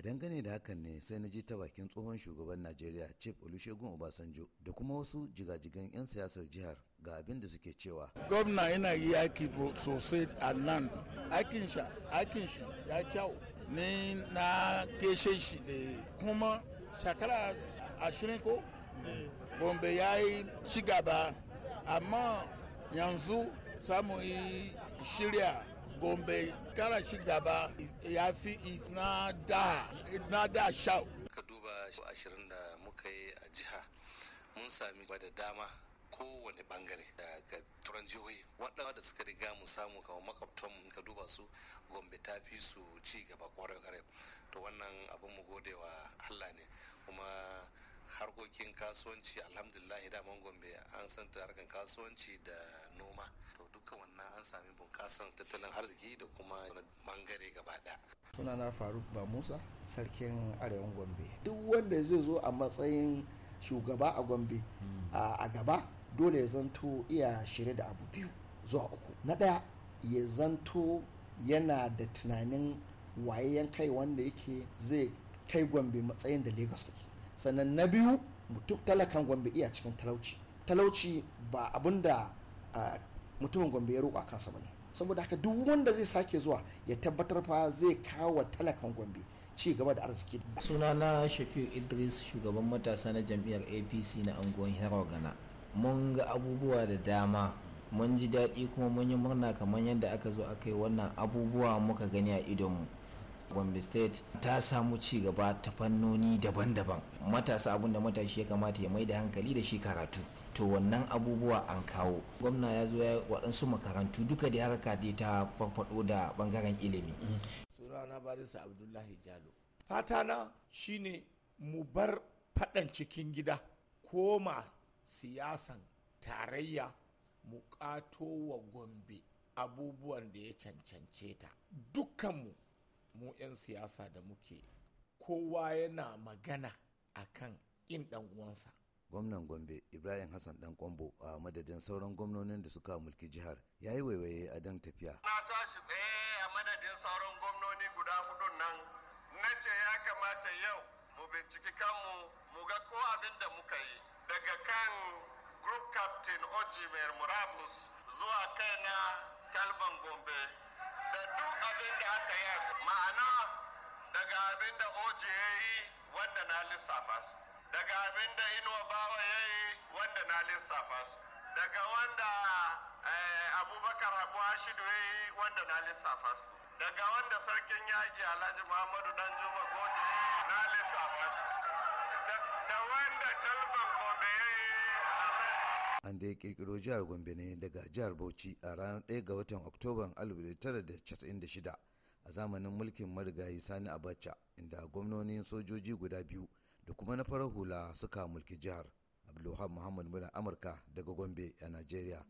a dangane da hakan ne sai na ji ta bakin tsohon shugaban najeriya chief olusegun obasanjo da kuma wasu jigajigan 'yan siyasar jihar ga abin da suke cewa gwamna yana yi yaki sosai a nan aikin shi aikin shi ya kyau ni na keshe shi da kuma shakara ashirin ko gombe ya yi gaba amma yanzu samu yi shirya gombe kara shi gaba ya fi na da na da shau ka duba ashirin da muka yi a jiha mun sami da dama kowane bangare daga turan jihohi waɗanda suka riga mu samu kawo makwabtan ka duba su gombe ta fi su ci gaba kwarai kwarai to wannan abin mu gode wa allah ne kuma harkokin kasuwanci alhamdulillah daman gombe an san ta kasuwanci da noma to duka wannan an sami bunkasan tattalin arziki da kuma bangare gaba daya sunana faruk ba musa sarkin arewan gombe duk wanda zai zo a matsayin shugaba a gombe hmm. a gaba dole ya zanto iya shirye da abu biyu zuwa uku na daya ya zanto yana da tunanin wayayyen kai wanda yake zai kai gombe matsayin da lagos take sannan na biyu mutum talakan gombe iya cikin talauci talauci ba abun da mutumin gombe ya roƙa kansa bane saboda haka duk wanda zai sake zuwa ya tabbatar fa zai kawo wa talakan gombe ci gaba da arziki suna na shafiu idris shugaban matasa na jam'iyyar apc na anguwan hero gana mun ga abubuwa da dama mun ji daɗi kuma mun yi murna kamar yadda aka zo aka yi wannan abubuwa muka gani a idonmu gombe state ta samu ci gaba ta fannoni daban-daban matasa abun da matashi ya kamata ya mai da hankali da shi karatu to wannan abubuwa an kawo gwamna ya zo ya waɗansu makarantu duka da haraka dai ta farfaɗo da bangaren ilimi sunana barisa abdullahi jalo fatana shine mu bar faɗan cikin gida koma siyasan tarayya mu kato wa gombe abubuwan da ya cancance ta dukkanmu mu 'yan siyasa da muke kowa yana magana a kan ƙin ɗan uwansa gwamnan gombe ibrahim hassan dan kwambo a madadin sauran gwamnonin da suka mulki jihar ya yi waiwaye a dan tafiya na tashi tsaye a madadin sauran gwamnoni guda hudu nan na ce ya kamata yau mu binciki kanmu mu ga ko abin da muka yi daga kan group captain oji mai murabus zuwa kai na talban gombe abin da aka yi ma'ana daga abin da oji ya yi wanda na lissafa su daga abin da inuwa bawa ya yi wanda na lissafa su daga wanda eh, abubakar abu hashidu ya yi wanda na lissafa su daga wanda sarkin Yaki alhaji muhammadu danjuma goje na lissafa an da ya kirkiro jihar gombe ne daga jihar bauchi a ranar 1 ga watan oktoban 1996 a zamanin mulkin marigayi sani abacha inda gwamnonin sojoji guda biyu da kuma na farar hula suka mulki jihar abdulhamid muhammad muna amurka daga gombe a nigeria